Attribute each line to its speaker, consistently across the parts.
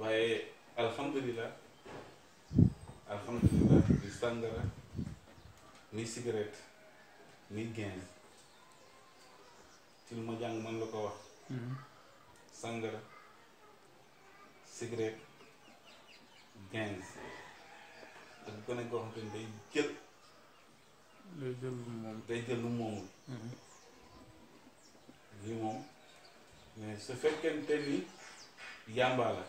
Speaker 1: waaye alhamdulilah alhamdulilah ni sàngara ni cigarette ni gain ci lu ma jàng man la ko wax mhm. sàngara cigarette gain ak gone koo xam ne day jël day jël lu moom day mhm. moom mais su fekkente ni yàmbaa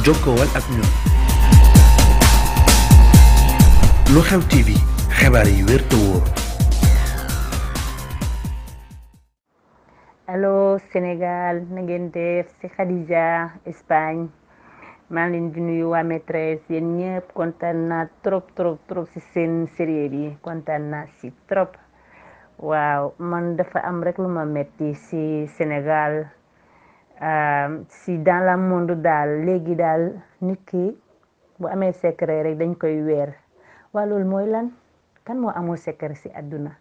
Speaker 2: jokkoowal ak ñun. lu xew TV xibaar yi te wóor.
Speaker 3: allo Sénégal na ngeen def ci Khadija Espagne maa ngi leen di nuyu waa maîtresse yéen ñëpp kontaan naa trop trop trop ci seen série bi kontaan trop waaw man dafa am rek lu ma metti ci Sénégal. Ehm, si dans le monde daal léegi daal nit ki bu amee secret rek dañ koy weer waa loolu mooy lan kan moo amul secret si àdduna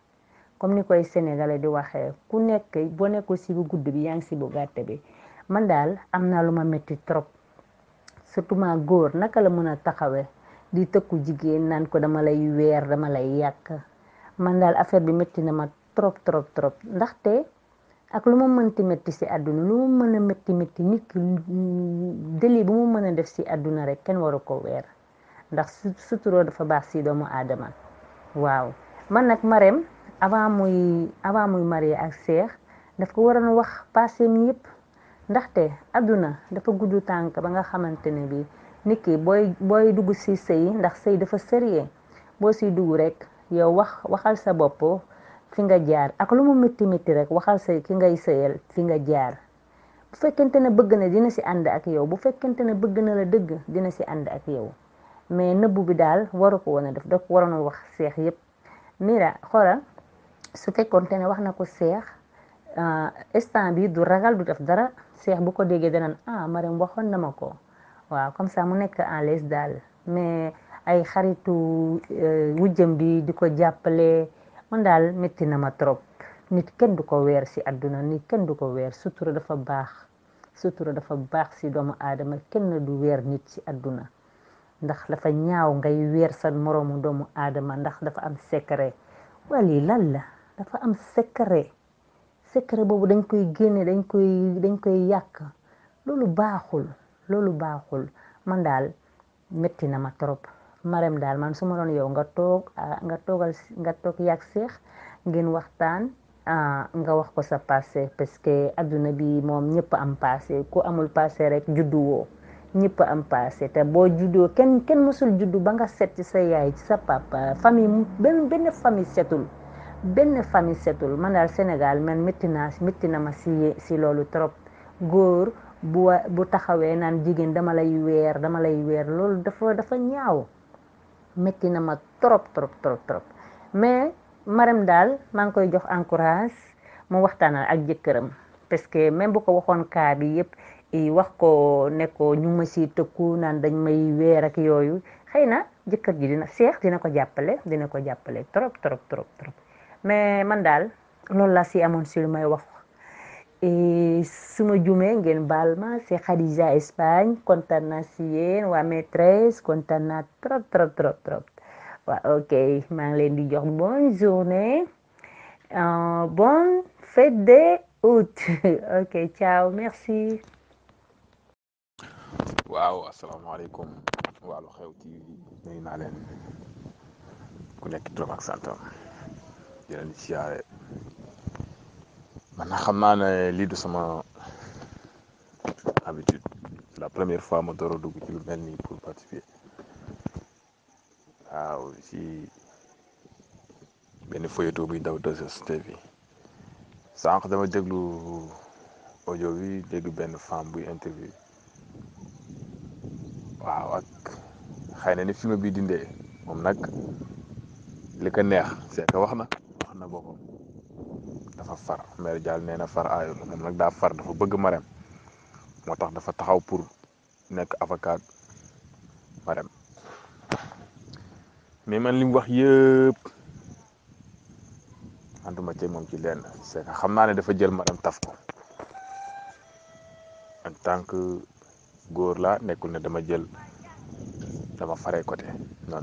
Speaker 3: comme ni koy sénégalais di waxee ku nekk boo nekkul si bu gudd bi yaa ngi si bu gàtt bi man daal am naa lu ma metti trop surtout ma góor naka la mën a taxawee di tëkku jigéen naan ko dama lay weer dama lay yàq man daal affaire bi métti na ma trop trop trop ndaxte. ak lu ma mënti métti si àdduna lu ma mën a métti métti nit ki déli bu mu mën a def si àdduna rek kenn waru ko weer ndax suturoo dafa baax si doomu aadama waaw man nag Marème avant muy avant muy marié ak Cheikh daf ko waroon wax passé mi yëpp ndaxte àdduna dafa gudd tànk ba nga xamante ne bi nit ki booy booy dugg si sëy ndax sëy dafa sérieux boo siy dugg rek yow wax waxal sa bopp fi nga jaar ak lu mu métti métti rek waxal sa ki ngay sëyal fi nga jaar bu fekkente ne bëgg na dina si ànd ak yow bu fekkente ne bëgg na la dëgg dina si ànd ak yow mais nëbbu bi daal waru ko woon a def daf waroon wax seex yëpp mira xoolal su fekkonte ne wax na ko seex euh, instant bi du ragal du def dara seex bu ko déggee danaan ah Mariam waxoon nama ko waa comme ça mu nekk en l'aise daal mais ay xaritu euh, wujjam di ko jàppale man daal métti na ma trop nit kenn du ko weer si àdduna nit kenn du ko weer sutura dafa baax sutura dafa baax si doomu aadama kenn du weer nit si àdduna ndax dafa ñaaw ngay weer sa moroomu doomu aadama ndax dafa am secret wali lan la dafa am secret secret boobu dañ koy génne dañ koy dañ koy yàq loolu baaxul loolu baaxul man daal métti na ma trop marem daal man su ma doon yow nga toog ah, nga toogal nga toog yàgg seex ngeen waxtaan ah, nga wax ko sa passé parce que adduna bi moom ñëpp am passé ku amul passé rek judduwoo woo ñëpp am passé te boo juddoo kenn kenn mësul juddu ba nga set ci sa yaay ci sa papa famille benn benn famille setul benn famille setul man daal Sénégal man métti naa métti na ma si si loolu trop góor bu bu taxawee naan jigéen dama lay weer dama lay weer loolu dafa dafa ñaaw métti na ma trop trop trop trop mais maram daal maa ngi koy jox encourage mu waxtaanal ak jëkkëram parce que même bu ko waxoon kaa bi yëpp wax ko ne ñu ma si tëkku naan dañ may weer ak yooyu xëy na jëkkër ji dina seex dina ko jàppale dina ko jàppale trop trop trop trop mais man daal loolu laa si amoon si lu may wax E suma ma jumee ngeen baal ma c'est Khadija Espagne kontaan naa waa maîtresse kontaan trop trop trop trop waaw ok maa ngi leen di jox bonne journée euh, bonne fête de août ok ciao merci.
Speaker 1: waaw asalaamaaleykum waa Lu Xew TV nuyu naa ku nekk turam ak santam di leen siyaare man xam naa ne lii du sama habitude la première fois ma door a dugg ci lu mel nii pour participer waaw ci benn feuilleton bi daw 2STV sànq dama déglu audio bi dégg benn femme buy interview waaw ak xëy na ni film bi dindee moom nag li ko neex c'est wax na wax na boppam dafa far mère Dial nee na far aayul moom nag daa far dafa bëgg Marème moo tax dafa taxaw pour nekk avocat Marème mais man li mu wax yëpp ànduma ci moom ci lenn c'est xam naa ne dafa jël Marème taf ko en tant que góor laa nekkul ne dama jël dama faree côté non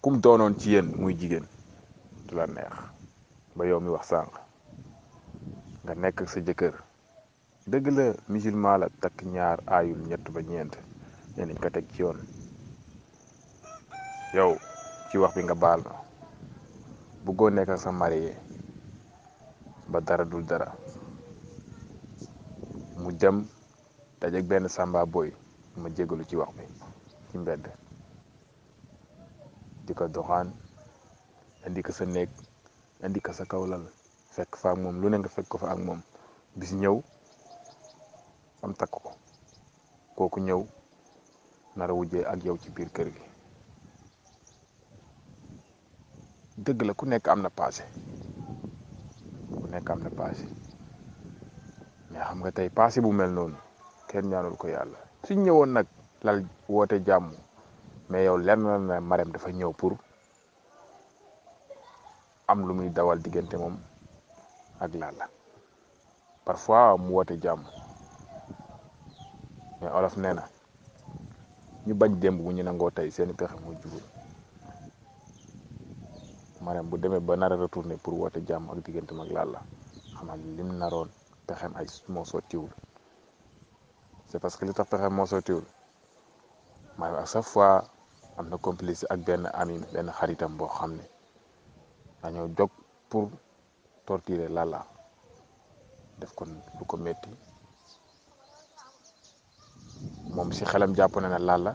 Speaker 1: kum doonoon ci yéen muy jigéen du la neex ba yow mi wax sànq nga nekk ak sa jëkkër dëgg la musulman la takk ñaar aayul ñett ba ñeent nee nañ ko teg ci yoon yow ci wax bi nga baal ma bëggoo nekk sa marié ba dara dul dara mu jëm dajeeg benn sàmba boy ma jégalu ci wax bi ci mbedd di ko doxaan indi ko sa néeg indi ko sa kaw lal fekk fa ak lu ne fekk ko fa ak moom bis ñëw am takk ko kooku ñëw nara ak yow ci biir kër gi dëgg la ku nekk am na passé ku nekk am na passé mais xam nga tey passé bu mel noonu kenn ñaanul ko yàlla suñ ñëwoon nag lal woote jàmm mais yow leer na ne Marème dafa ñëw pour am lu muy dawal diggante moom ak Lalla parfois mu woote jàmm mais olof nee na ñu bañ démb bu ñu nangoo tey seeni pexe moo jubul Marème bu demee ba nar a retourné pour woote jàmm ak diggante ak Lalla xamal lim naroon pexem ay moo sottiwul c'est parce que li tax pexem moo sottiwul maanaam à chaque fois. am na complice ak benn ami benn xaritam boo xam ne dañoo jog pour torturer Lalla def ko lu ko metti moom si xelam jàpp na ne Lalla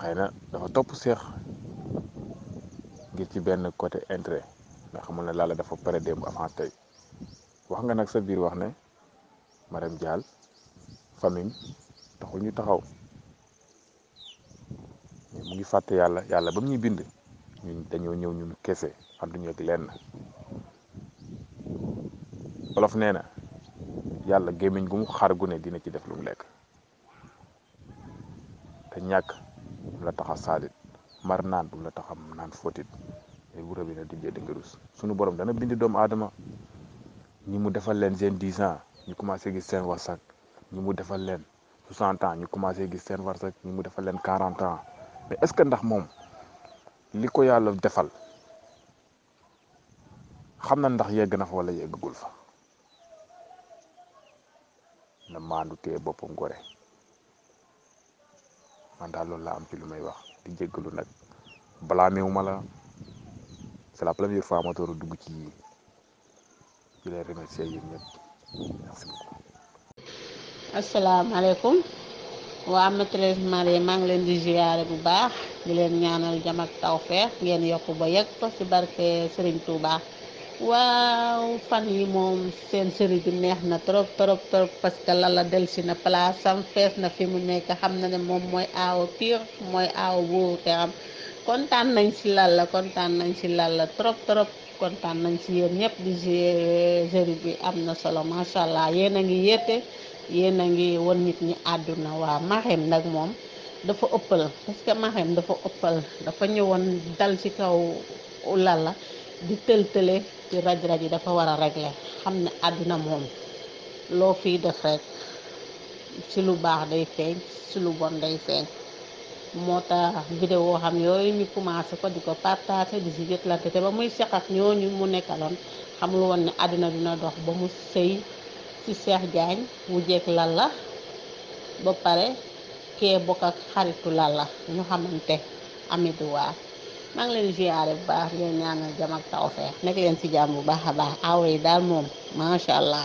Speaker 1: xëy na dafa topp seex ngir ci benn côté intérêt nga xamul ne Lalla dafa pare démb avant tey wax nga nag sa biir wax ne Marème Dial famille taxul ñu taxaw mais mu ngi fàtte yàlla yàlla ba mu ñuy bind ñun dañoo ñëw ñun kese ànduñu ak lenn olof nee na yàlla gémmiñ gu mu xar gu dina ci def lu lekk te ñàkk du la tax a saalit mar naan du la tax a naan fóotit te bu rëbbi na tijjee di nga rus sunu borom dana bind doomu aadama ñi mu defal leen seen dix ans ñu commencé gis seen warsak ñi mu defal leen soixante ans ñu commencé gis seen warsak ñi mu defal leen quarante ans. mais est-ce que ndax moom li ko yàlla defal xam na ndax yegg na fa wala yeggagul fa na maandu téye boppam gore man daal loolu laa am ci lu may wax di jéggalu nag balaa meew ma la c'est la première fois ma dugg ci yii di remercier yéen ñëpp
Speaker 4: merci beaucoup. waa maîtresse Marie maa ngi leen di ziyaare bu baax di leen ñaanal jàmm ak tawfeex ngeen yokk ba yegg ko ci barke Serigne Touba waaw fan yi moom seen série bi neex na trop trop trop parce que Lalla delsi na place am na fi mu nekk xam na ne moom mooy aawa pire mooy aawa buuru kontaan nañ ci lal kontaan nañ ci Lalla trop trop kontaan nañ ci yéen ñëpp di série bi am na solo macha allah yéen a ngi yéete. yéen a ngi won nit ñi àdduna waa Marème nag moom dafa ëppal parce que Marème dafa ëppal dafa ñëwoon dal ci kaw la di tëltële ci raj-raj yi dafa war a régler xam ne àdduna moom loo fii def rek ci lu baax day feeñ ci lu bon day feeñ moo tax vidéo xam yooyu ñu commencé ko di ko partagé di si jëtlante te ba muy seq ñooñu mu nekkaloon xamul woon ne àdduna dina dox ba mu sëy ci Cheikh Diagne wu jeeg Lalla ba pare kee bokk ak xaritu Lalla ñu xamante amitu waa maa ngi leen ziyaare bu baax leen ñaanal jàmm ak tawfeex nekk leen ci jàmm bu baax a baax awa daal moom macha allah.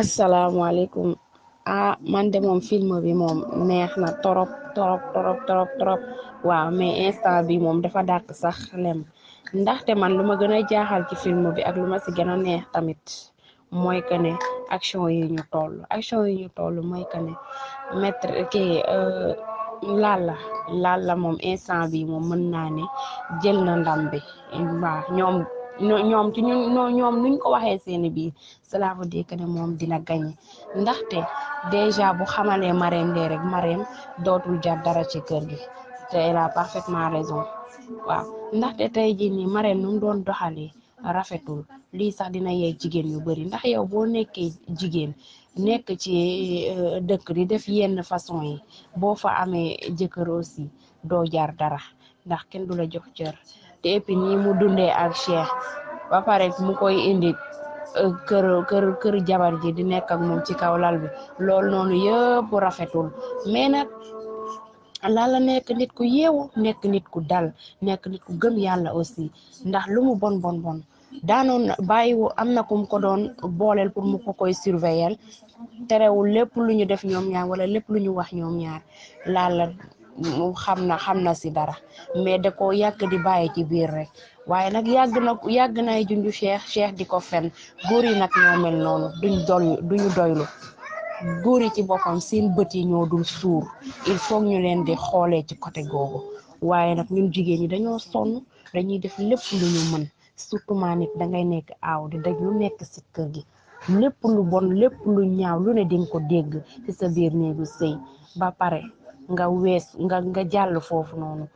Speaker 5: asalaamaaleykum ah man de moom film bi moom neex na torop torop torop waaw mais instant bi moom dafa dàq sax lem. ndaxte man lu ma gën a jaaxal ci film bi ak lu ma si gën a neex tamit mooy que ne action yi ñu toll action yi ñu toll mooy que ne maître kii euh, Lalla Lalla moom instant bi moom mën naa ne jël na ndam bi waaw ñoom ñoom nuñ ko waxee seeni biir cela veut dire que ne moom dina gagné ndaxte déjà bu xamalee Marème de rek Marème dootul jar dara ci kër gi te elle a parfaitement raison waaw ndaxte tey jii nii marraine nu doon doxalee rafetul lii sax dina yey jigéen yu bari ndax yow boo nekkee jigéen nekk ci euh, dëkk di def yenn façon yi boo fa amee jëkkër aussi doo jaar dara ndax kenn du la jox cër te et puis nii mu dundee ak Cheikh ba pare mu koy indi euh, kër kër kër jabar ji di nekk ak ci kaw lal bi loolu noonu yëpp rafetul mais lala nekk nit ku yeewu nekk nit ku dal nekk nit ku gëm yàlla aussi ndax lu mu bon bon bon bàyyi bàyyiwu am na kum ko doon booleel pour mu ko koy surveiller terewul lépp lu ñu def ñoom ñaar wala lépp lu ñu wax ñoom ñaar lala xam na xam na si dara mais da ko yàgg di bàyyi ci biir rek waaye nag yàgg na yàgg nay junju cheikh cheikh di ko fen góor yi nag ñoo noonu duñ doy duñu doylu góor yi ci boppam seen bët yi ñoo dul suur il faut ñu leen di xoolee ci côté googu waaye nag ñun jigéen ñi dañoo sonn dañuy def lépp lu ñu mën surtout nit da ngay nekk aw di daj lu nekk sikkër gi lépp lu bon lépp lu ñaaw lu ne di ko dégg ci sa biir néegu sëy ba pare nga wees nga nga jàll foofu noonu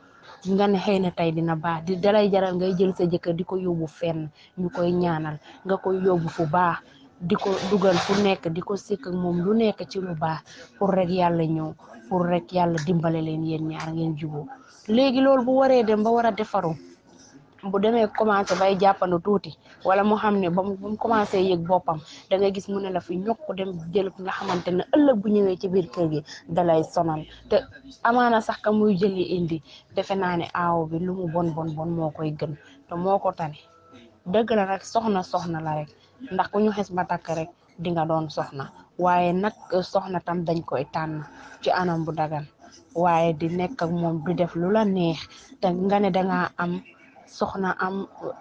Speaker 5: nga ne xëy na tey dina baax di dalay jaral ngay jël sa jëkkër di ko yóbbu fenn ñu koy ñaanal nga koy yóbbu fu baax di ko dugal fu nekk di ko sikk ak moom lu nekk ci lu baax pour rek yàlla ñëw pour rek yàlla dimbale leen yéen ñaar ngeen juboo léegi loolu bu waree dem ba war a defaru bu demee commencé bay jàppandu tuuti wala mu xam ne ba mu commencé yëg boppam da nga gis mu ne la fi ñokk dem jël nga xamante ne ëllëg bu ñëwee ci biir kër gi dalay sonal te amaana sax muy jëli indi defe naa ne aaw bi lu mu bon bon bon moo koy gën te moo ko tane dëgg rek soxna soxna la ndax ku ñu xes ba takk rek di nga doon soxna waaye nag eh, soxna tam dañ koy tànn ci anam bu dagan waaye di nekk ak moom di def lu la neex te nga ne danga am soxna am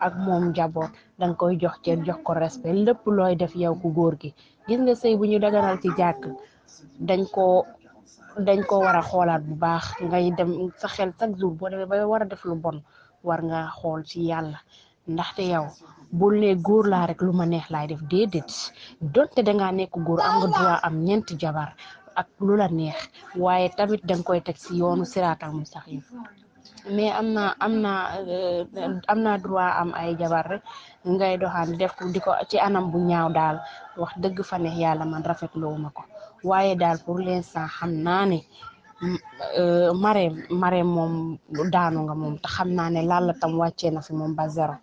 Speaker 5: ak moom njaboot danga koy jox ceeb jox ko respect lépp looy def yow ku góor gi gis nga sëy bu ñu daganal ci jàkk dañ ko dañ ko war a xoolaat bu baax ngay dem sa xel chaque jour boo demee ba war a def lu bon war nga xool ci yàlla ndaxte yow bul ne góor laa rek lu ma neex laay def déedéet donte dangaa nekk góor am nga droit am ñeenti jabar ak lu la neex waaye tamit danga koy teg si yoonu siraatal mustaqiim mais am naa am naa euh, am naa droit am ay jabar rek ngay doxaan def ko di ko ci anam bu ñaaw daal wax dëgg fa neex yàlla man rafetluwu ma ko waaye daal pour l'instant xam naa ne euh, Marème Marème moom daanu nga moom ta xam naa ne laala tam wàccee na fi moom ba zéro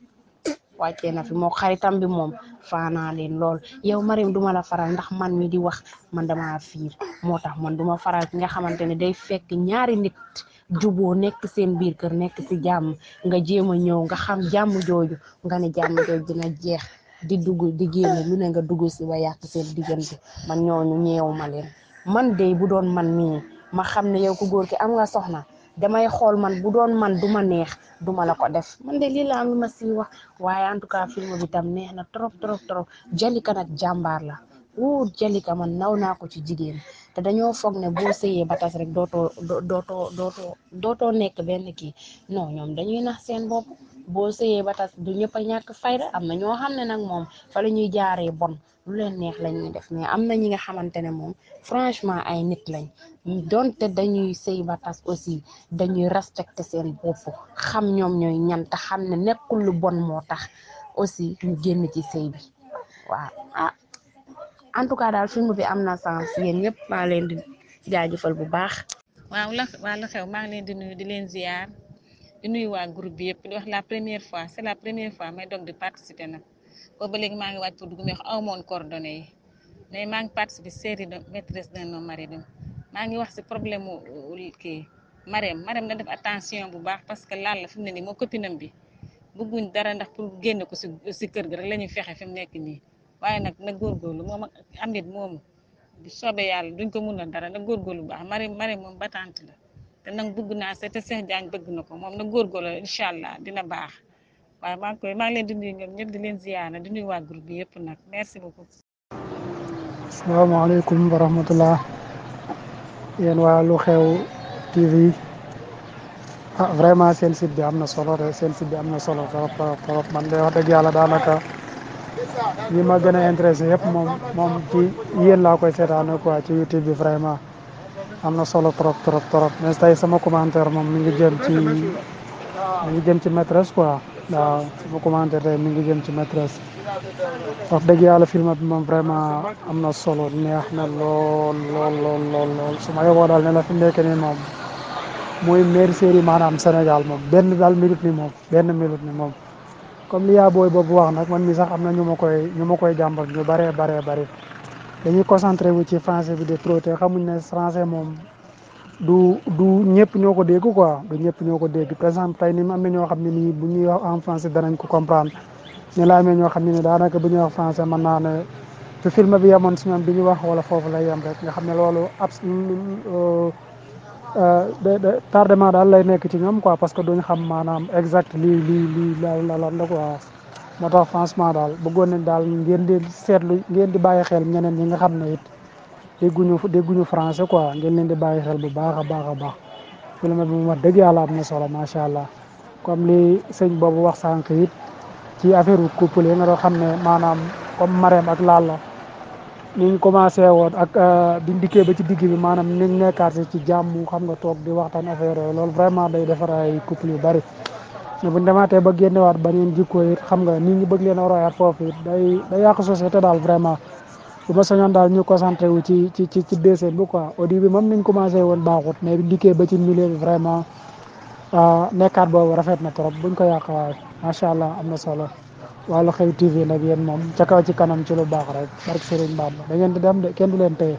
Speaker 5: wàccee na fi moo xaritam bi moom faanaa leen lool yow Mariam duma la faral ndax man mi di wax man dama fiir moo tax man du ma faral ki nga xamante ne day fekk ñaari nit juboo nekk seen biir kër nekk ci jàmm nga jéem a ñëw nga xam jàmm jooju nga ne jàmm jooju dina jeex di dugg di génn lu ne nga dugg si ba yàq seen diggante man ñooñu ñeewu ma leen man de bu doon man mii ma xam ne yow ku góor am nga soxna damay xool man bu doon man du ma neex duma la ko def man de lii ma si wax waaye tout cas film bi tam neex na trop trop trop Jalika nag jàmbaar la wuu ka man naw naa ko ci jigéen te dañoo foog ne boo sëyee ba tas rek dootoo dootoo dootoo dootoo nekk benn kii non ñoom dañuy nax seen bopp. boo sëyee ba tas du ñëpp a ñàkk fayda am na ñoo xam ne nag moom fa la ñuy jaaree bon lu leen neex la ñuy def mais am na ñi nga xamante ne moom franchement ay nit lañ te dañuy sëy ba tas aussi dañuy respecté seen bopp xam ñoom ñooy ñan xam ne nekkul lu bon moo tax aussi ñu génn ci sëy bi waaw ah en tout cas daal film bi am na sens yéen ñëpp maa leen di jaajëfal bu baax.
Speaker 4: waaw la waa la xew maa leen di nuyu di leen ziar. di nuyu waa groupe bi yëpp wax la première fois c'est la première fois may doog di participer nag boobu léegi maa ngi waaj pour dugg mais aw moon coordonnées yi mais maa ngi participer série de maîtresse d'un mari marié maa ngi wax si problème mu euh, kii Marème Marème na def attention bu baax parce que laal la fi mu ne nii moo copine am bi bëgguñ dara ndax pour génn ko si si kër gi rek la ñuy fexe fi mu nekk nii waaye nag na góorgóorlu moom am nit moomu bu soobee yàlla duñ ko mun a dara na góorgóorlu bu baax Marème Marème moom batante la. te nag bëgg naa sax te Cheikh bëgg na ko moom na góorgóorlu incha allah dina baax waaye maa ngi koy maa leen di nuyu ñoom ñëpp di leen ziyaara di nuyu waa groupe bi yëpp nag merci beaucoup.
Speaker 2: asalaamaaleykum wa rahmatullah yéen waa lu xew TV ah vraiment seen site am na solo de seen site bi am na solo trop trop man wax dëgg yàlla daanaka yi ma gën a intéressé yëpp moom moom ci yéen laa koy seetaane quoi ci YouTube bi vraiment. am na solo trop trop trop mais tey sama commentaire moom mi ngi jëm ci mi ngi jëm ci maîtresse quoi waaw sama commentaire tey mi ngi jëm ci maîtresse wax dëgg yàlla film bi moom vraiment am na solo neex na lool lool lool lool lool su ma yeboo daal ne la fi nekk nii moom mooy meilleure série maanaam Sénégal moom benn daal minute ni moom benn minute ni moom comme li yaa booy boobu wax nag man mi sax am na ñu ma koy ñu ma koy jàmbat ñu baree baree bari dañuy concentré wu ci français bi de trop te xamuñ na français moom du du ñëpp ñoo ko dégg quoi du ñëpp ñoo ko dégg par exemple tey ni mu na ñoo xam ne ni bu ñuy wax en français danañ ko comprendre ne la amee ñoo xam ne nii daanaka bu ñuy wax français mën naa ne te bi yemoon si ñoom bi ñu wax wala foofu lay yem rek nga xam ne loolu abs euh, euh, tardement daal lay nekk ci ñoom quoi parce que duñ xam maanaam exact lii lii lii la la la quoi. moo tax franchement daal bëggoon nañ daal ngeen di seetlu ngeen di bàyyi xel ñeneen ñi nga xam ne it dégguñu dégguñu français quoi ngeen leen di bàyyi xel bu baax a baax a baax kilomètre bi mu wax dëgg yàlla am na solo macha allah comme lii sëñ boobu wax sànq it ci affaire u couple yi nga doon xam ne maanaam comme Marème ak Lalla niñ commencé woon ak euh, biñ dikkee ba ci digg bi maanaam niñ nekkaat ci jàmm xam nga toog di waxtaan affaire yooyu loolu vraiment day defar ay couple yu buñ demaatee ba génnewaat baneen jikko it xam nga nit ñi bëgg leen a royaat foofu it day day yàq daal vraiment bu ma sañoon daal ñu concentré wu ci ci ci ci dessin bi quoi au début commencé woon baaxut mais biñ dikkee ba ci milieu bi vraiment ah, nekkaat boobu rafet na trop buñ ko yàq waaye macha allah am na solo wàllu xew TV nag yéen moom ca kaw ci kanam ci lu baax rek barke Serigne Bamba da ngeen di dem de kenn du leen téye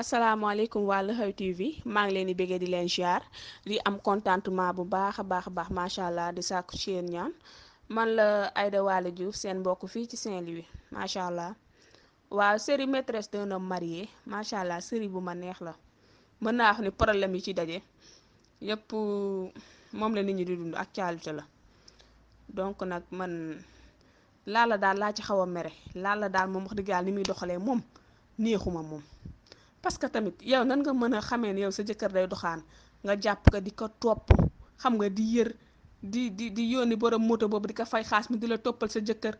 Speaker 6: asalaamaaleykum waa Lu Xew TV maa ngi leen di bëggee di leen ziar li am contentement bu baax a baax a baax macha allah di sàkku ci ñaan man la Aïda Wale Diouf seen mbokk fii ci Saint-Louis macha allah waaw série maîtresse d'un homme marié macha allah série bu ma neex la mën naa wax ni problème yi ci daje yépp moom la nit ñi di dund actualité la donc nag man laal la daal laa ci xaw a mere la daal moom wax dëgg yàlla ni muy doxalee moom neexuma moom. parce que tamit yow nan nga mën a xamee ni yow sa jëkkër day doxaan nga jàpp ko di ko topp xam nga di yër di di di yónni borom moto boobu di ko fay xaas mi di la toppal sa jëkkër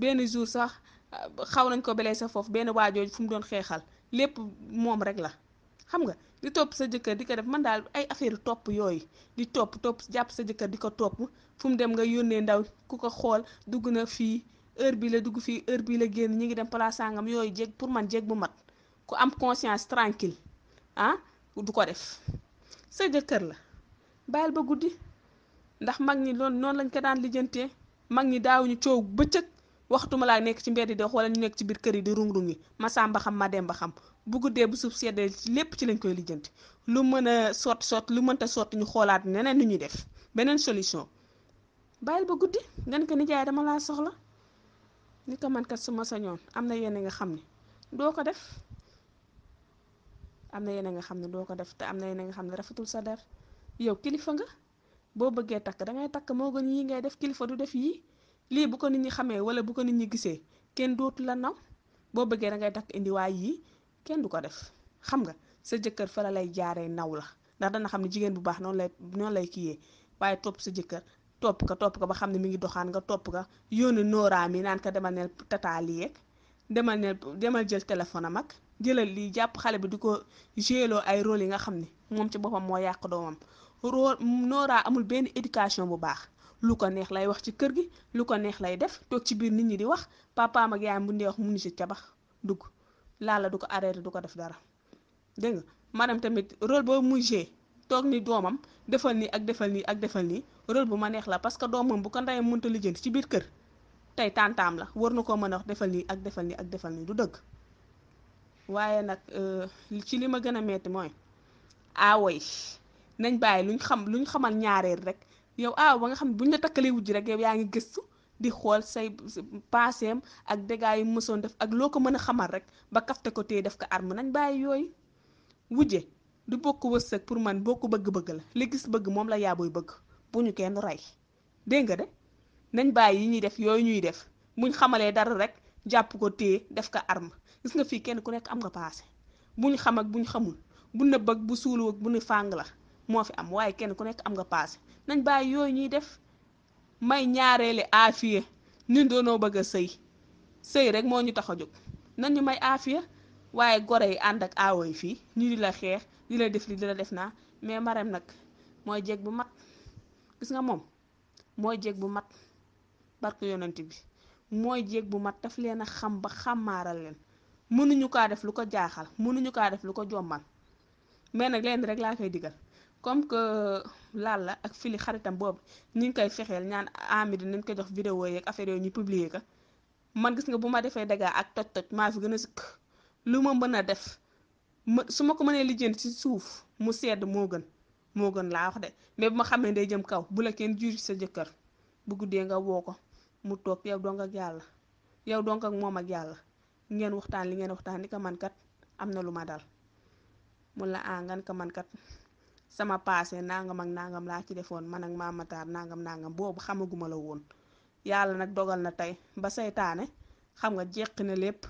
Speaker 6: benn jour sax euh, xaw nañ ko belee sa foofu benn waajooju fu mu doon xeexal lépp moom rek la xam nga di topp sa jëkkër di ko def man daal ay affaire topp yooyu di topp topp jàpp sa jëkkër di ko topp fu mu dem nga yónnee ndaw ku ko xool dugg na fii heure bi la dugg fii heure bii la génn ñu ngi dem place sangam yooyu jéeg pour man jéeg bu mat ku am conscience tranquille ah du ko def sa kër la bàyyil ba guddi ndax mag ñi loon noonu lañ ko daan lijjantee mag ñi daawuñu coow bëccëg waxtuma laa nekk ci mbedd di dox wala ñu nekk ci biir kër yi di rung-rungi ma sàmba xam ma dem ba xam bu guddee bu suuf seddee lépp ci lañ koy lijjanti lu mën a sot sotti lu mënta sotti ñu xoolaat neneen nu ñuy def beneen solution bàyyil ba guddi nga ne ko nijaay dama laa soxla ni ko man kat su ma sañoon am na yenn nga xam ne doo am na yeneen nga xam ne doo ko def te am na yeneen nga xam ne rafetul sa der yow kilifa nga boo bëggee takk dangay takk moo gën yii ngay def kilifa du def yii lii bu ko nit ñi xamee wala bu ko nit ñi gisee kenn dootu la naw boo bëggee dangay takk indiwaay waay yii kenn du ko def xam nga sa jëkkër fa lay jaaree naw la ndax dana xam ne jigéen bu baax noonu lay noonu lay kiyee waaye topp sa jëkkër topp ko topp ko ba xam ne mu ngi doxaan nga topp ko yónni nooraa mi naan ko demal neel tataali yeeg demal neel demal jël téléphone am ak jëlal lii jàpp xale bi di ko géeloo ay rôle yi nga xam ne moom ci boppam moo yàq doomam rôle nooraa amul benn éducation bu baax lu ko neex lay wax ci kër gi lu ko neex lay def toog ci biir nit ñi di wax papaam ak yaayam bu ndee wax munu si cabax dugg laala du ko arrêté du ko def dara dégg nga maanaam tamit rôle boobu muy toog ni doomam defal nii ak defal nii ak defal nii rôle bu ma neex la parce que doomam bu ko ndeyam mënta lijjanti ci biir kër tey tàntaam la war na koo mën a wax defal nii ak defal nii ak defal nii du dëgg waaye nag euh, ci li ma gën a metti mooy aawo yi nañ bàyyi luñ xam luñ xamal ñaareel rek yow aaw ba nga xam ne buñ la takkalee wujj rek yow yaa ngi gëstu di xool say paaseem ak dégâts yi mësoon def ak loo ko mën a xamal rek ba kafte ko tée def ko arme nañ bàyyi yooyu wujje du bokk wërsëg pour man bokk bëgg-bëgg la li bëgg moom la yaabuy bëgg bu ñu kenn rey dégg nga de nañ bàyyi yi ñuy def yooyu ñuy def buñ xamalee dara rek jàpp ko téye def ko arme gis nga fii kenn ku nekk am nga passé bu ñu xam ak bu ñu xamul bu nëbb ak bu suulu bu ne fàng la moo fi am waaye kenn ku nekk am nga passé nañ bàyyi yooyu ñuy def may ñaareele aafiya ñun doonoo bëgg a sëy sëy rek moo ñu tax a jóg nañu ñu may aafiya waaye gore yi ànd ak aawo yi fii ñu di la xeex di la def li di la def naa mais Marème nag mooy jeeg bu mat gis nga moom mooy jeeg bu mat barke yonent bi mooy jeeg bu mat daf leen a xam ba xàmmaaral leen mënuñu kaa def lu ko jaaxal mënuñu kaa def lu ko jommal mais nag leen rek laa koy digal comme que Lalla ak Fili xaritam boobu ñu ngi koy fexeel ñaan amidi nañ koy jox vidéo yeeg affaire yooyu ñu publier ka man gis nga bu ma defee daga ak toj-toj maa fi gën a sëkk lu ma mën a def ma su ma ko mënee lijjanti si suuf mu sedd moo gën moo gën laa wax de mais bu ma xamee day jëm kaw bu la kenn jur sa jëkkër bu guddee nga woo ko mu toog yow dong ak yàlla yow dong ak moom ak yàlla. ngeen waxtaan li ngeen waxtaan ni ko man kat am na lu ma dal mun la ah ngan ko man kat sama paase nangam ak nangam laa ci defoon man ak Mame Matar nangam nangam boobu xamaguma la woon yàlla nag dogal na tey ba seytaane xam nga jeq na lépp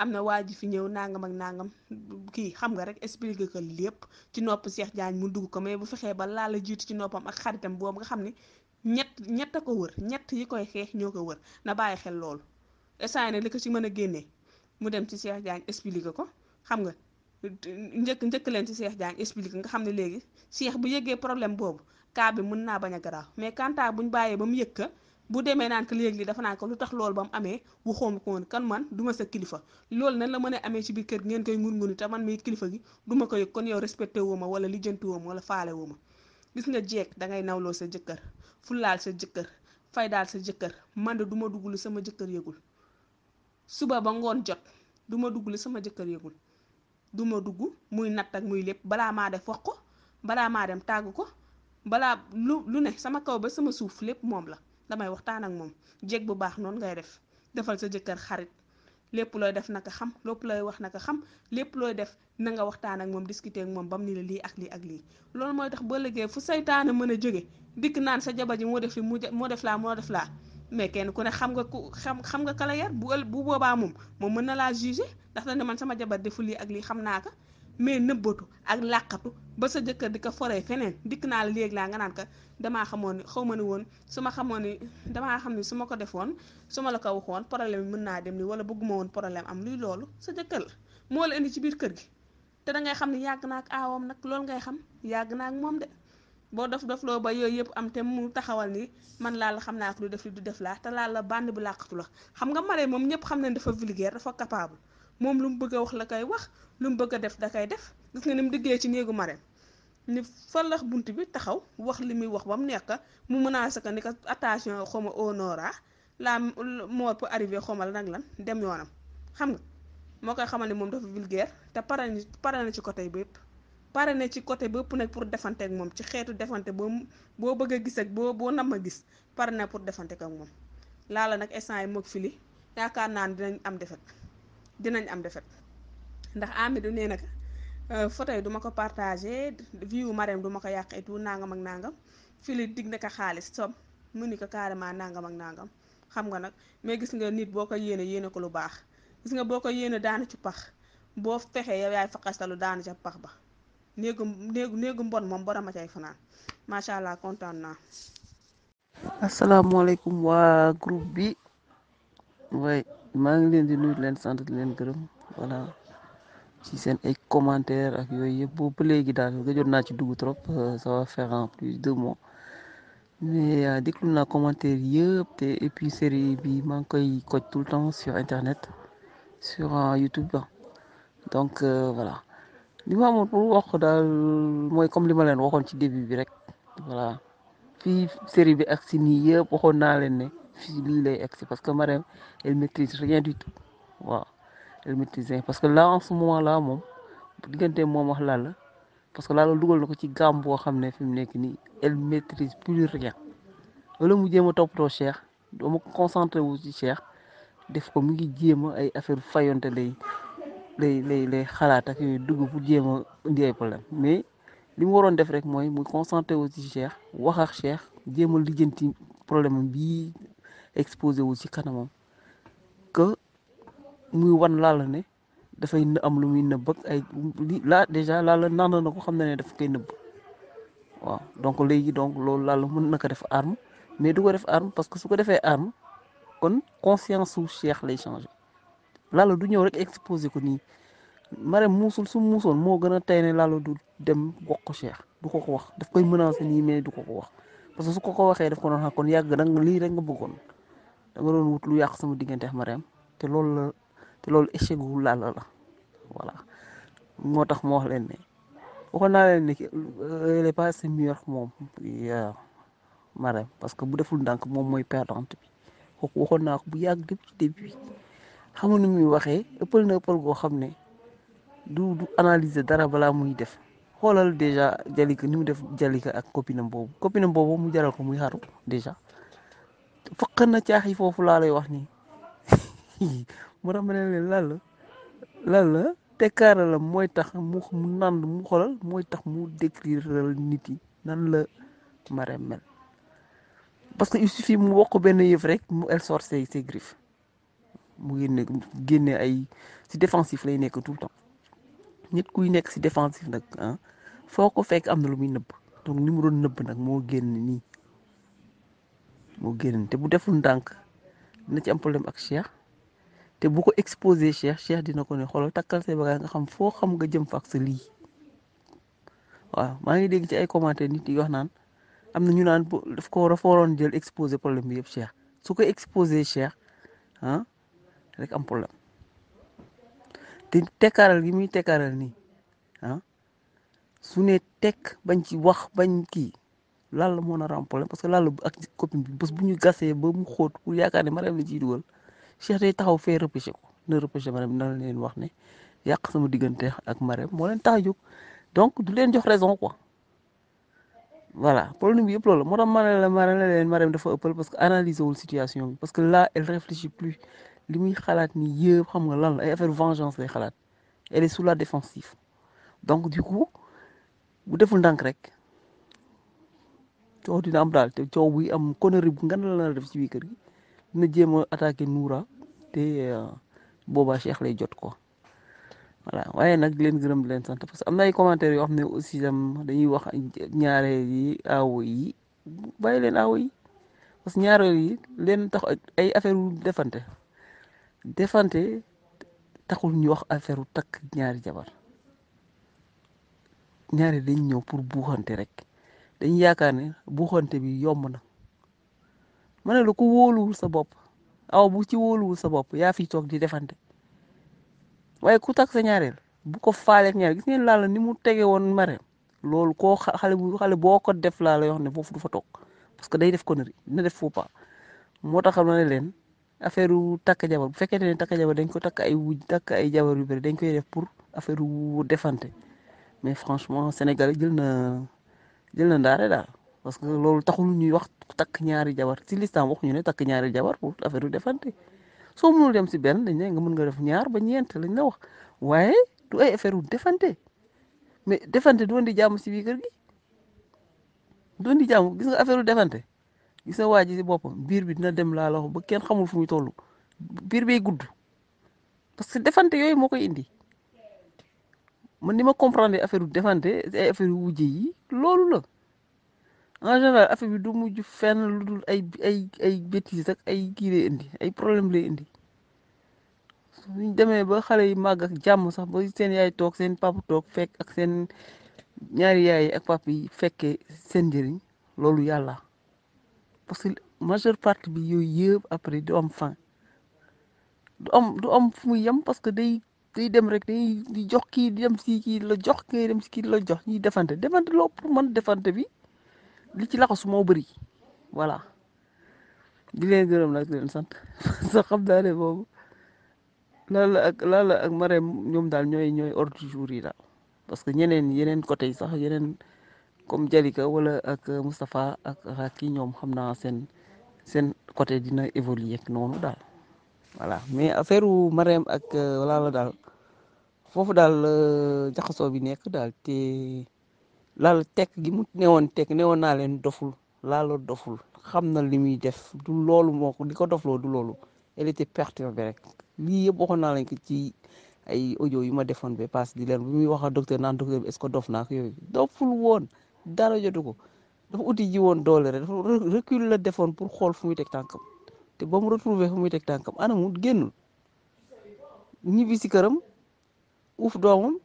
Speaker 6: am na waa ji fi ñëw nangam ak nangam kii xam nga rek expliqué ko lépp ci nopp Cheikh Diagne mu dugg ko mais bu fexee ba laa la jiitu ci noppam ak xaritam boobu nga xam ni ñett ñett a ko wër ñett yi koy xeex ñoo ko wër na bàyyi xel loolu instant li ko ci mën a génnee mu dem ci Cheikh Diagne expliqué ko xam nga njëkk njëkk leen ci Cheikh Diagne expliqué nga xam ne léegi Cheikh bu yëgee problème boobu cas mën naa bañ a garaaw mais kanta buñ bàyyee ba mu yëg ka bu demee naan ko léegi li dafa naan ko lu tax loolu ba mu amee waxoon ko woon kan man duma sa kilifa loolu nan la mën a amee ci biir kër ngeen koy ngun-nguni te man mii kilifa gi duma ma ko yëg kon yow respecté woo ma wala lijjanti woo ma wala faale woo ma gis nga jeeg dangay nawloo sa jëkkër sa jëkkër faydaal sa jëkkër man de du ma dugg lu sama jëkkër yëgul suba ba ngoon jot duma ma dugg li sama jëkkër yëgul du ma dugg muy natt ak muy lépp balaa maa def wax ko balaa maa dem tàgg ko balaa lu lu ne sama kaw ba sama suuf lépp moom la damay waxtaan ak moom jeeg bu baax noonu ngay def defal sa jëkkër xarit lépp looy def naka xam lépp looy wax naka xam lépp looy def na nga waxtaan ak moom discuter ak moom bam ni la lii ak lii ak lii loolu mooy tax ba léegi fu seytaane mën a jóge dikk naan sa jabar ji moo def li moo def laa moo def laa mais kenn ku ne xam nga ku xam xam nga kala yar bu bu boobaa moom moom mën na laa juger ndax dañ ne man sama jabar defu lii ak lii xam naa ko mais nëbbatu ba sa jëkkër di ko foree feneen dikk naa la laa nga naan ko damaa xamoon ne xaw ma ne woon su ma xamoon ne damaa xam ne su ma ko defoon su ma la ko waxoon problème bi mën naa dem ni wala bëgguma woon problème am luy loolu sa jëkkër la moo la indi ci biir kër gi te da ngay xam ne yàgg naa ak aawam nag loolu ngay xam yàgg naa ak moom de. boo def def loo ba yooyu yëpp am te mu taxawal ni man laa la xam naa ko du def li du def laa te laal la band bu làqatu la xam nga Marème moom ñëpp xam nañ dafa vulgaire dafa capable moom lu mu bëgg a wax la koy wax lu mu bëgg a def da kay def gis nga ni mu diggee ci néegu Marème ni falax bunt bi taxaw wax li muy wax ba mu nekk mu mën a ni ko attention xoma au nora ah, la mort pour arriver xomal nag lan dem yoonam xam nga moo koy xamal ne moom dafa vulgaire te pare na na ci côté bépp pare na ci côté bépp nag pour defante ak moom ci xeetu defante boo boo bëgg a gis ak boo boo nam a gis pare na pour defante ak moom laala nag instant yi moog fili yaakaar naa ne dinañ am defet dinañ am defet ndax Amidou nee na euh, photo yi duma ma ko partagé view Marème du ma ko yàq et tout ak nangam fili dig na xaalis som mu ni ko carrément nangam ak nangam xam nga nag mais gis nga nit boo ko yéene yéene ko lu baax gis nga boo ko yéene daanu ci pax boo fexee yow yaay faqastalu daanu ca ba néegu néegu néegu mbon moom borom a cay fanaan macha allah kontaan naa.
Speaker 7: asalaamaaleykum waa group bi waaye maa ngi leen di nuyu leen sant di leen gërëm voilà ci seen ay commentaire ak yooyu yëpp boobu ba léegi daal joon naa ci dugg trop euh, ça va faire en plus deux mois mais euh, déglu naa commentaire yëpp te et puis bi maa ngi koy koj tout le temps sur internet sur euh, YouTube donc voilà. li ma amoon pour wax daal mooy comme li ma leen waxoon ci début bi rek voilà fii série bi ak si nii yëpp waxoon naa leen ne fii lii lay egg si parce que Marème elle maîtrise rien du tout waaw elle maîtrise rien parce que là en ce moom diggante moom wax Lalla parce que Lalla dugal na ko ci gamme boo xam ne fi mu nekk nii elle maîtrise plus rien wala mu jéem a toppatoo Cheikh doo ma wu ci Cheikh def ko mu ngi jéem a ay affaire fayonte lay lay lay lay xalaat ak yooyu dugg pour jéem a indi problème mais li mu waroon def rek mooy muy concentré wu ci Cheikh wax ak Cheikh jéem a lijjanti problème bii exposé wu ci kanamam que muy wan laal la ne dafay am lu muy nëbb ak ay li la déjà laal la naan ko xam na ne daf koy nëbb waaw donc léegi donc loolu laal mën na ko def arm mais du ko def arme parce que su ko defee arme kon conscience su Cheikh lay changé. Lalla du ñëw rek exposé ko nii Marème muusul su muusoon moo gën a tey ne Lalla du dem wax ko Cheikh du ko ko wax daf koy menacé nii mais du ko ko wax parce que su ko ko waxee daf ko doon xam kon yàgg da nga lii rek nga bëggoon da nga doon wut lu yàq sama diggante ak Marème te loolu la te loolu échec gu Lalla la voilà moo tax moo wax leen ne waxoon naa leen ne elle euh, est pas si meilleur moom euh, Marème parce que bu deful ndànk moom mooy perdante bi kooku waxoon naa ko bu yàgg depuis ci début bi xamul nu muy waxee ëppal na ëppal goo xam ne du du analyser dara balaa muy def xoolal dèjà Jalika ni mu def Jalika ak copinam boobu copinam boobu mu jaral ko muy xaru dèjà faq na caax yi foofu laa lay wax nii mu ramane leen lan la lan la tekkaara mooy tax mu mu nand mu xoolal mooy tax mu décriral nit yi nan la Marème mel parce que il suffit mu wokk benn yëf rek mu elle sort ses mu génne ay si défensif lay nekk tout le temps nit kuy nekk si défensif nag ah, foo ko fekk am na lu muy nëbb donc ni nëbb nag moo génn nii moo génn te bu deful ndànk dina ci am problème ak Cheikh te bu ko exposé Cheikh Cheikh dina ko ne xoolal takkal say bagaay nga xam foo xam nga jëm fa ak sa lii waaw maa ngi dégg ci ay commentaire nit yi wax naan am na ñu naan daf ko war a waroon jël exposé problème bi yëpp Cheikh su ko exposé Cheikh ah. rek am problème te tekkaaral gi muy tekkaaral nii ah, su ne tekk bañ ci wax bañ kii laal la moo nar a am problème parce que laal ak copine bi bu ñu gasee ba mu xoot pour yaakaar ne Marème la ciy dugal Cheikh day taxaw fee repêché ko na repêché Marème na leen wax ne yàq sama diggante ak Marème moo leen tax a donc du leen jox raison quoi. voilà problème bi yëpp loolu moo tax ne la ma ne leen Marème parce que analyser wul situation bi parce que là elle réfléchit plus li muy xalaat ni yëpp xam nga lan ay affaire vengeance lay xalaat elle est sous la défensive donc du coup bu deful ndànk rek coow dina am daal te coow buy am connerie bu nga la def ci biir kër gi dina jéem a attaqué Noura te euh, boobaa Cheikh lay jot ko voilà waaye nag di leen gërëm di leen sant parce que am na ay commentaires yoo xam ne aussi tam dañuy wax ñaareel yi aawo yi bàyyi leen aawo yi parce que ñaareel yi leen tax ay affaire yu defante. defante taxul ñu wax affaire takk ñaari jabar ñaari dañ ñëw pour buuxante rek dañ yaakaar ne buuxante bi yomb na ma ne la ku wóoluwul sa bopp aw bu ci wóoluwul sa bopp yaa fi toog di defante waaye ku sa ñaareel bu ko faaleek ñaareel gis ngeen laa ni mu tege woon mare loolu koo xale bu xale boo ko def laa la ne foofu du fa toog parce que day def connerie dina def faux pas moo tax xam ne leen affaire takk jabar bu fekkente ne takk jabar dañ ko takk ay wuj takk ay jabar yu bëri dañ koy def pour affaire defante mais franchement Sénégal jël na jël na ndaare daal parce que loolu taxul ñuy wax takk ñaari jabar ci listam waxuñu ne takk ñaari jabar pour affaire wu defante soo mënul dem si benn dañ ne nga mën nga def ñaar ba ñeent lañ la wax waaye du ay affaire wu defante mais defante du woon di jàmm si biir gi du woon di jàmm gis defante. gis na waa ji si boppam biir bi dina dem laa la wax ba kenn xamul fu muy toll biir bay gudd parce que defante yooyu moo koy indi man ni ma comprendre affaire defante ay affaire wujje yi loolu la en général affaire bi du mujj fenn lu dul ay ay ay bêtises ak ay kii lay indi ay problème lay indi suñ demee ba xale yi màgg ak jàmm sax ba seen yaay toog seen papa toog fekk ak seen ñaari yaay ak papa yi fekke seen njëriñ loolu yàlla. parce que majeure partie bi yooyu yëpp après du om fin du om du am fu muy yem parce que day day dem rek day di jox kii di dem si kii la jox kii dem si kii la jox ñuy defante defante loo pour man defante bi li ci laxasu moo bëri voilà di leen gërëm nag leen sant sa xam naa ne boobu laala ak laala ak Marème ñoom daal ñooy ñooy ordre du jour yi daal parce que ñeneen yeneen côté yi sax yeneen comme Jalika wala ak euh, Moustapha ak ak kii ñoom xam naa seen seen côté dina évoluer noonu daal voilà mais affaire u Marème ak euh, wala daal foofu daal euh, jaxasoo bi nekk daal te laal tekk gi mu newoon tekk woon naa leen doful laalo doful xam na li muy def du loolu moo ko li ko dofloo du loolu elle était perturbée rek lii yëpp waxoon naa leen ci ay audio yu ma defoon ba pass di leen bu muy wax ak docteur naan docteur bi est dof naa ko yooyu doful woon dara jotu ko dafa uti ji woon doole rek dafa recul la defoon pour xool fu muy teg tànkam te ba mu retrouver fu muy teg tànkam anamul génnul ñibbi si këram uf doomam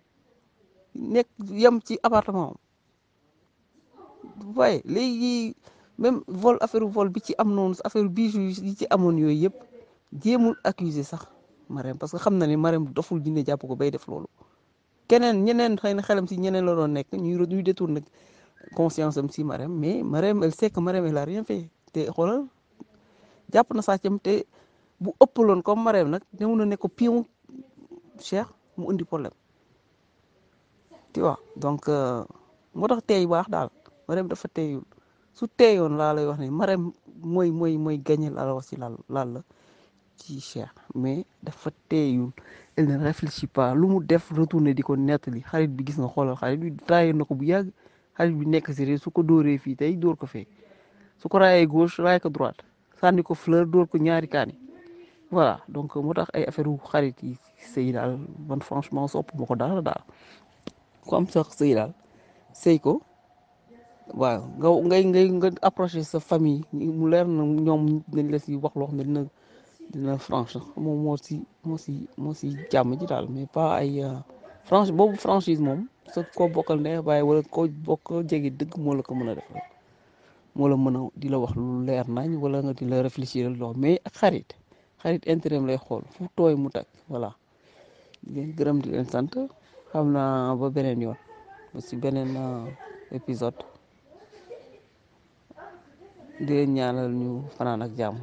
Speaker 7: nekk yam ci appartement am waaye léegi même vol affaire vol bi ci am noonu affaire bijoux yi ci amoon yooyu yëpp jéemul accuser sax Marème parce que xam na ni Marème doful dina jàpp ko bay def loolu keneen ñeneen xëy na xelam si ñeneen la doon nekk ñuy ñuy détourné conscience am si Marème mais Marème elle sait que Marème elle a rien fait te xoolal jàpp na sàccam te bu ëpploon comme Marème nag ñëw na ne ko pion Cheikh mu indi problème tu vois donc euh, moo tax teey baax daal Marème dafa teeyul su teeyoon laa lay wax ne Marème mooy mooy mooy gagné laa la wax si laal laal la ci Cheikh mais dafa teeyul elle ne réfléchit pas lu mu def retourné di ko nettali xarit bi gis nga xoolal xarit bi taayee na bu yàgg. xaj bi nekk si rek su ko dóoree fii tey dóor ko fee su ko raayee gauche raay ko droite sànni ko fleur dóor ko ñaari kaani voilà donc moo tax ay affaire xarit yi sëy daal man franchement sopp ma ko daal daal ku am sax sëy daal sëy ko waaw nga ngay ngay nga approché sa famille mu leer na ñoom dañ la si wax loo xam dina dina franche moom moo si moo si moo si jàmm ji daal mais pas ay euh, franche boobu franchise moom sa koo bokkal ndey waaye wala ko bokk jege dëgg moo la ko mën a def moo la mën a di la wax lu leer nañ wala nga di la réfléchir loo mais ak xarit xarit intérêt lay xool fu tooy mu tag voilà di gërëm di leen sant xam naa ba beneen yoon ba si beneen euh, épisode di ñaalal ñu fanaan ak jàmm